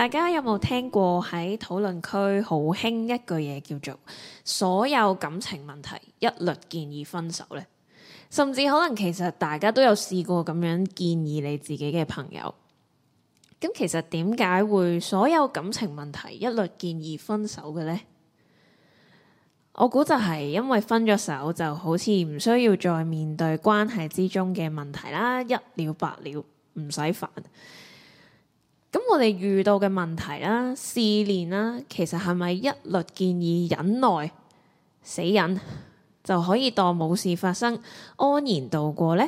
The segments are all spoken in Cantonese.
大家有冇聽過喺討論區好興一句嘢，叫做所有感情問題一律建議分手呢？甚至可能其實大家都有試過咁樣建議你自己嘅朋友。咁其實點解會所有感情問題一律建議分手嘅呢？我估就係因為分咗手，就好似唔需要再面對關係之中嘅問題啦，一了百了，唔使煩。咁我哋遇到嘅問題啦，試煉啦、啊，其實係咪一律建議忍耐，死忍就可以當冇事發生，安然度過呢？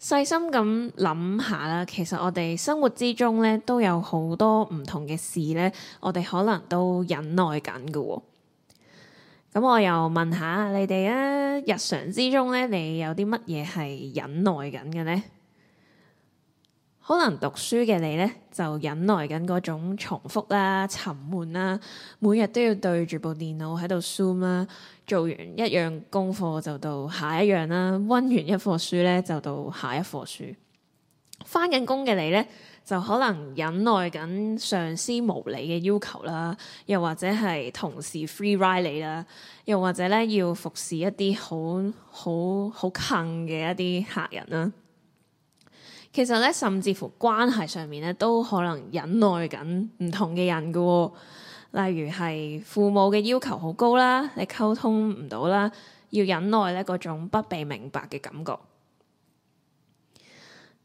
細心咁諗下啦，其實我哋生活之中呢，都有好多唔同嘅事呢，我哋可能都忍耐緊嘅、哦。咁我又問下你哋啊，日常之中呢，你有啲乜嘢係忍耐緊嘅呢？可能讀書嘅你呢，就忍耐緊嗰種重複啦、沉悶啦，每日都要對住部電腦喺度 zoom 啦，做完一樣功課就到下一樣啦，温完一課書呢，就到下一課書。翻緊工嘅你呢，就可能忍耐緊上司無理嘅要求啦，又或者係同事 free ride 你啦，又或者咧要服侍一啲好好好坑嘅一啲客人啦。其實咧，甚至乎關係上面咧，都可能忍耐緊唔同嘅人㗎喎、哦。例如係父母嘅要求好高啦，你溝通唔到啦，要忍耐咧嗰種不被明白嘅感覺。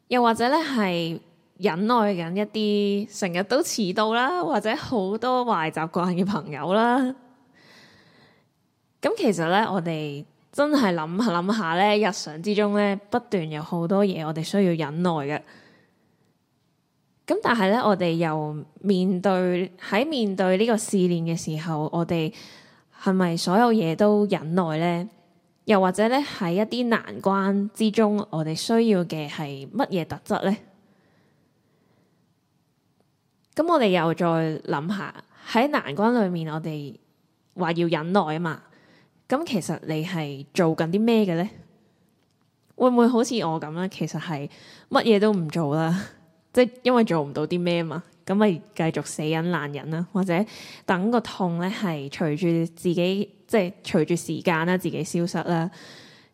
又或者咧係忍耐緊一啲成日都遲到啦，或者好多壞習慣嘅朋友啦。咁其實咧，我哋。真係諗下諗下咧，日常之中咧，不斷有好多嘢，我哋需要忍耐嘅。咁但係咧，我哋又面對喺面對呢個試煉嘅時候，我哋係咪所有嘢都忍耐呢？又或者咧喺一啲難關之中，我哋需要嘅係乜嘢特質呢？咁我哋又再諗下喺難關裏面，我哋話要忍耐啊嘛。咁其實你係做緊啲咩嘅呢？會唔會好似我咁咧？其實係乜嘢都唔做啦，即係因為做唔到啲咩嘛，咁咪繼續死忍難忍啦，或者等個痛咧係隨住自己，即係隨住時間啦，自己消失啦。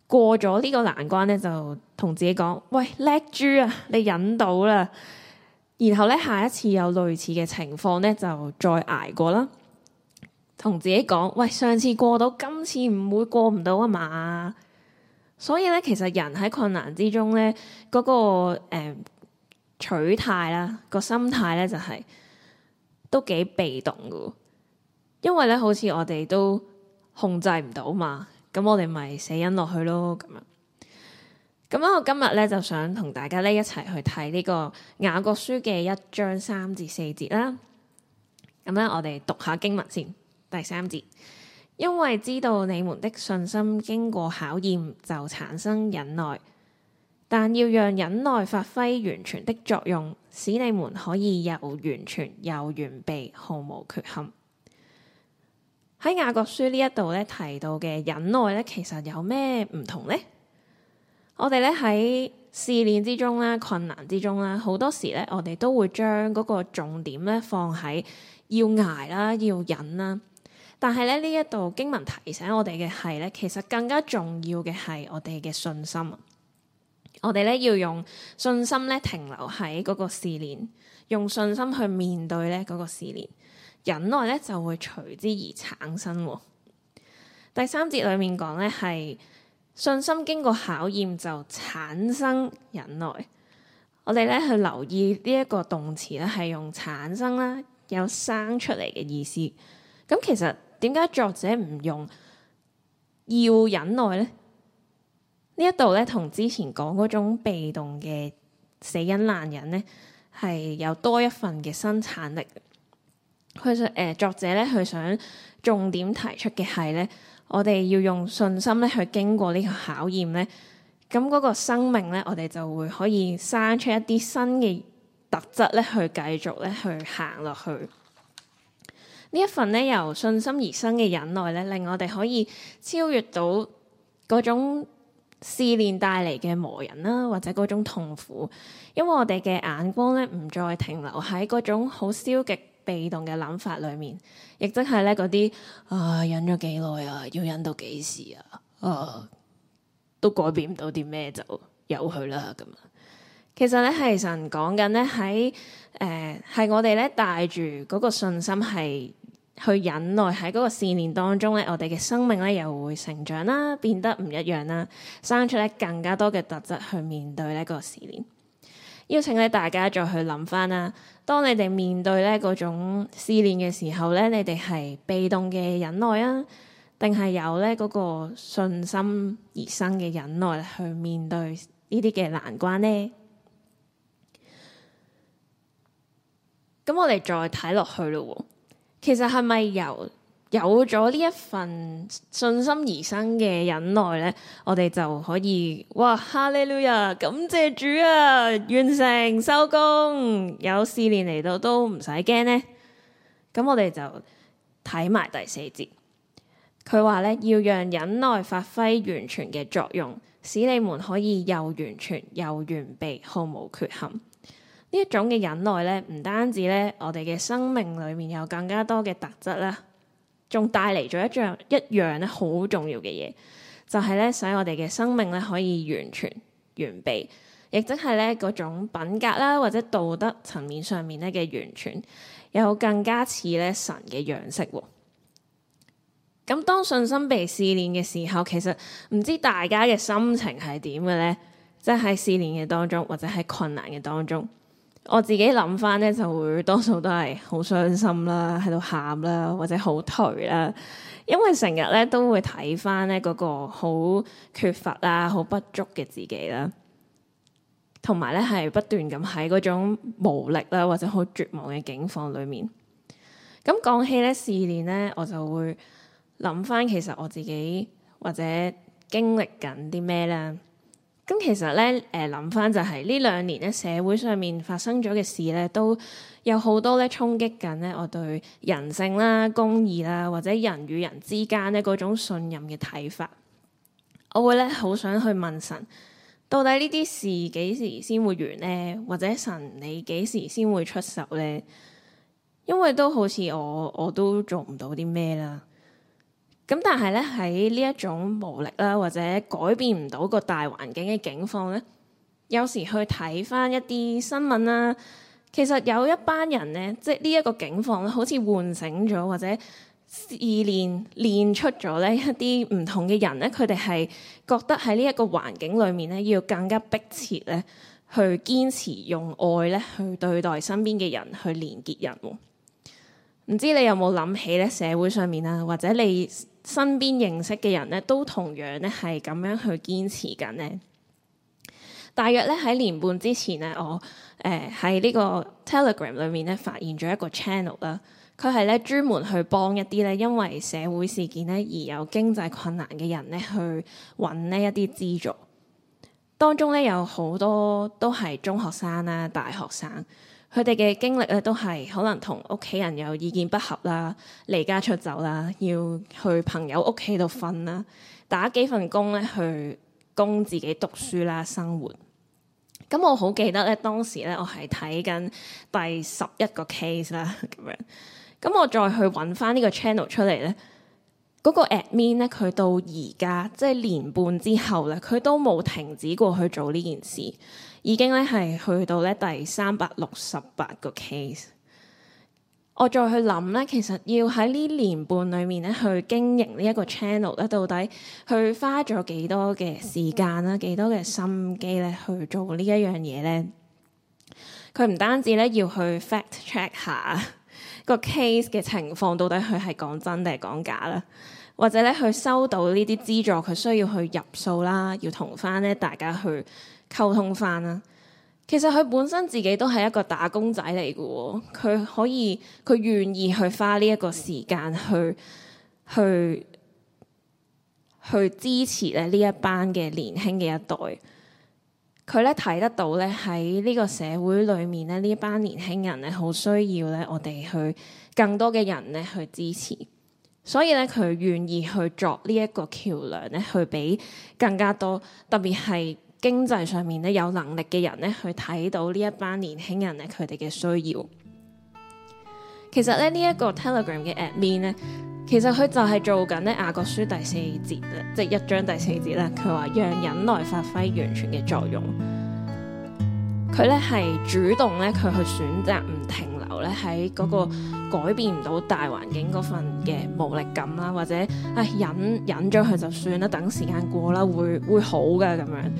過咗呢個難關咧，就同自己講：喂，叻豬啊，你忍到啦！然後咧，下一次有類似嘅情況咧，就再捱過啦。同自己講，喂，上次過到，今次唔會過唔到啊嘛。所以咧，其實人喺困難之中咧，嗰、那個誒、呃、取態啦，個心態咧就係、是、都幾被動噶。因為咧，好似我哋都控制唔到嘛，咁我哋咪死忍落去咯。咁樣咁啊，我今日咧就想同大家咧一齊去睇呢、這個雅各書嘅一章三至四節啦。咁咧，我哋讀下經文先。第三節，因為知道你們的信心經過考驗，就產生忍耐；但要讓忍耐發揮完全的作用，使你們可以又完全又完備，毫無缺陷。喺雅各書呢一度咧，提到嘅忍耐咧，其實有咩唔同呢？我哋咧喺試煉之中啦、困難之中啦，好多時咧，我哋都會將嗰個重點咧放喺要捱啦、要忍啦。但係咧，呢一度經文提醒我哋嘅係咧，其實更加重要嘅係我哋嘅信心。我哋咧要用信心咧停留喺嗰個試煉，用信心去面對咧嗰個試煉，忍耐咧就會隨之而產生。第三節裏面講咧係信心經過考驗，就產生忍耐。我哋咧去留意呢一個動詞咧係用產生啦，有生出嚟嘅意思。咁其實。點解作者唔用要忍耐呢？呢一度咧同之前講嗰種被動嘅死忍爛忍咧，係有多一份嘅生產力。佢想誒，作者咧，佢想重點提出嘅係咧，我哋要用信心咧去經過呢個考驗咧，咁嗰個生命咧，我哋就會可以生出一啲新嘅特質咧，去繼續咧去行落去。呢一份咧，由信心而生嘅忍耐咧，令我哋可以超越到嗰種試煉帶嚟嘅磨人啦，或者嗰種痛苦。因為我哋嘅眼光咧，唔再停留喺嗰種好消極被動嘅諗法裏面，亦即係咧，嗰啲啊，忍咗幾耐啊，要忍到幾時啊，啊都改變唔到啲咩，就由佢啦咁。其實咧係神講緊咧，喺誒係我哋咧帶住嗰個信心係去忍耐，喺嗰個試煉當中咧，我哋嘅生命咧又會成長啦，變得唔一樣啦，生出咧更加多嘅特質去面對呢個試煉。邀請你大家再去諗翻啦，當你哋面對咧嗰種試煉嘅時候咧，你哋係被動嘅忍耐啊，定係有咧嗰個信心而生嘅忍耐去面對呢啲嘅難關呢？咁我哋再睇落去咯，哦。其實係咪由有咗呢一份信心而生嘅忍耐呢？我哋就可以哇，哈利路亞，感謝主啊，完成收工，有四年嚟到都唔使驚呢。咁我哋就睇埋第四節，佢話呢要讓忍耐發揮完全嘅作用，使你們可以又完全又完備，毫無缺陷。呢一種嘅忍耐咧，唔單止咧，我哋嘅生命裏面有更加多嘅特質啦，仲帶嚟咗一樣一樣咧好重要嘅嘢，就係咧使我哋嘅生命咧可以完全完備，亦即係咧嗰種品格啦或者道德層面上面咧嘅完全，有更加似咧神嘅樣式喎。咁當信心被試煉嘅時候，其實唔知大家嘅心情係點嘅咧，即係喺試煉嘅當中或者喺困難嘅當中。我自己諗翻咧，就會多數都係好傷心啦，喺度喊啦，或者好頹啦，因為成日咧都會睇翻咧嗰個好缺乏啦、好不足嘅自己啦，同埋咧係不斷咁喺嗰種無力啦或者好絕望嘅境況裏面。咁講起咧試煉咧，我就會諗翻其實我自己或者經歷緊啲咩咧。咁其實咧，誒諗翻就係呢兩年咧，社會上面發生咗嘅事咧，都有好多咧衝擊緊咧，我對人性啦、公義啦，或者人與人之間咧嗰種信任嘅睇法。我會咧好想去問神，「到底呢啲事幾時先會完呢？或者神你幾時先會出手呢？」因為都好似我我都做唔到啲咩啦。咁但係咧喺呢一種無力啦，或者改變唔到個大環境嘅境況咧，有時去睇返一啲新聞啦，其實有一班人咧，即係呢一個境況咧，好似喚醒咗或者試煉煉出咗呢一啲唔同嘅人咧，佢哋係覺得喺呢一個環境裏面咧，要更加迫切咧去堅持用愛咧去對待身邊嘅人，去連結人。唔知你有冇諗起咧社會上面啊，或者你？身邊認識嘅人咧，都同樣咧係咁樣去堅持緊呢。大約咧喺年半之前咧，我誒喺、呃、呢個 Telegram 裏面咧發現咗一個 channel 啦。佢係咧專門去幫一啲咧因為社會事件咧而有經濟困難嘅人咧去揾呢一啲資助。當中咧有好多都係中學生啦、啊、大學生。佢哋嘅經歷咧，都係可能同屋企人有意見不合啦，離家出走啦，要去朋友屋企度瞓啦，打幾份工咧去供自己讀書啦，生活。咁我好記得咧，當時咧我係睇緊第十一個 case 啦，咁樣。咁我再去搵返呢個 channel 出嚟咧。嗰個 admin 咧，佢到而家即係年半之後啦，佢都冇停止過去做呢件事，已經咧係去到咧第三百六十八個 case。我再去諗咧，其實要喺呢年半裡面咧去經營呢一個 channel 咧，到底佢花咗幾多嘅時間啦、幾多嘅心機咧去做呢一樣嘢咧？佢唔單止咧要去 fact check 下，個 case 嘅情況到底佢係講真定係講假啦，或者呢佢收到呢啲資助，佢需要去入數啦，要同返呢大家去溝通返啦。其實佢本身自己都係一個打工仔嚟嘅，佢可以佢願意去花呢一個時間去去去支持呢呢一班嘅年輕嘅一代。佢咧睇得到咧，喺呢個社會裏面咧，呢一班年輕人咧好需要咧我哋去更多嘅人咧去支持，所以咧佢願意去作呢一個橋梁咧，去俾更加多特別係經濟上面咧有能力嘅人咧去睇到呢一班年輕人咧佢哋嘅需要。其實咧呢一個 Telegram 嘅 admin 咧。其實佢就係做緊咧《雅各書》第四節即係一章第四節啦。佢話，讓忍耐發揮完全嘅作用，佢咧係主動咧，佢去選擇唔停留咧喺嗰個改變唔到大環境嗰份嘅無力感啦，或者唉、哎、忍忍咗佢就算啦，等時間過啦會會好㗎咁樣。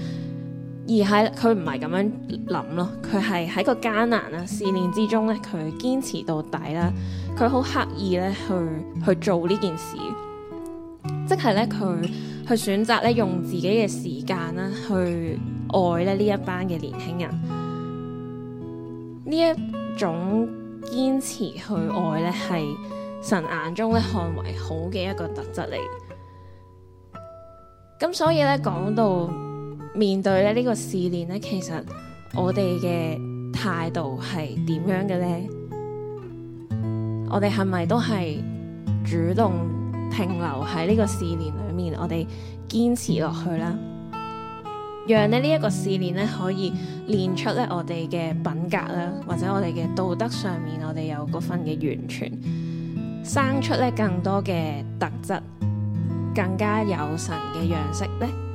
而係佢唔係咁樣諗咯，佢係喺個艱難啊試煉之中咧，佢堅持到底啦，佢好刻意咧去去做呢件事，即係咧佢去選擇咧用自己嘅時間啦去愛咧呢一班嘅年輕人，呢一種堅持去愛咧係神眼中咧看為好嘅一個特質嚟，咁所以咧講到。面對咧呢個試煉咧，其實我哋嘅態度係點樣嘅呢？我哋係咪都係主動停留喺呢個試煉裡面，我哋堅持落去啦，讓呢一個試煉咧可以練出咧我哋嘅品格啦，或者我哋嘅道德上面，我哋有嗰份嘅完全，生出咧更多嘅特質，更加有神嘅樣式呢。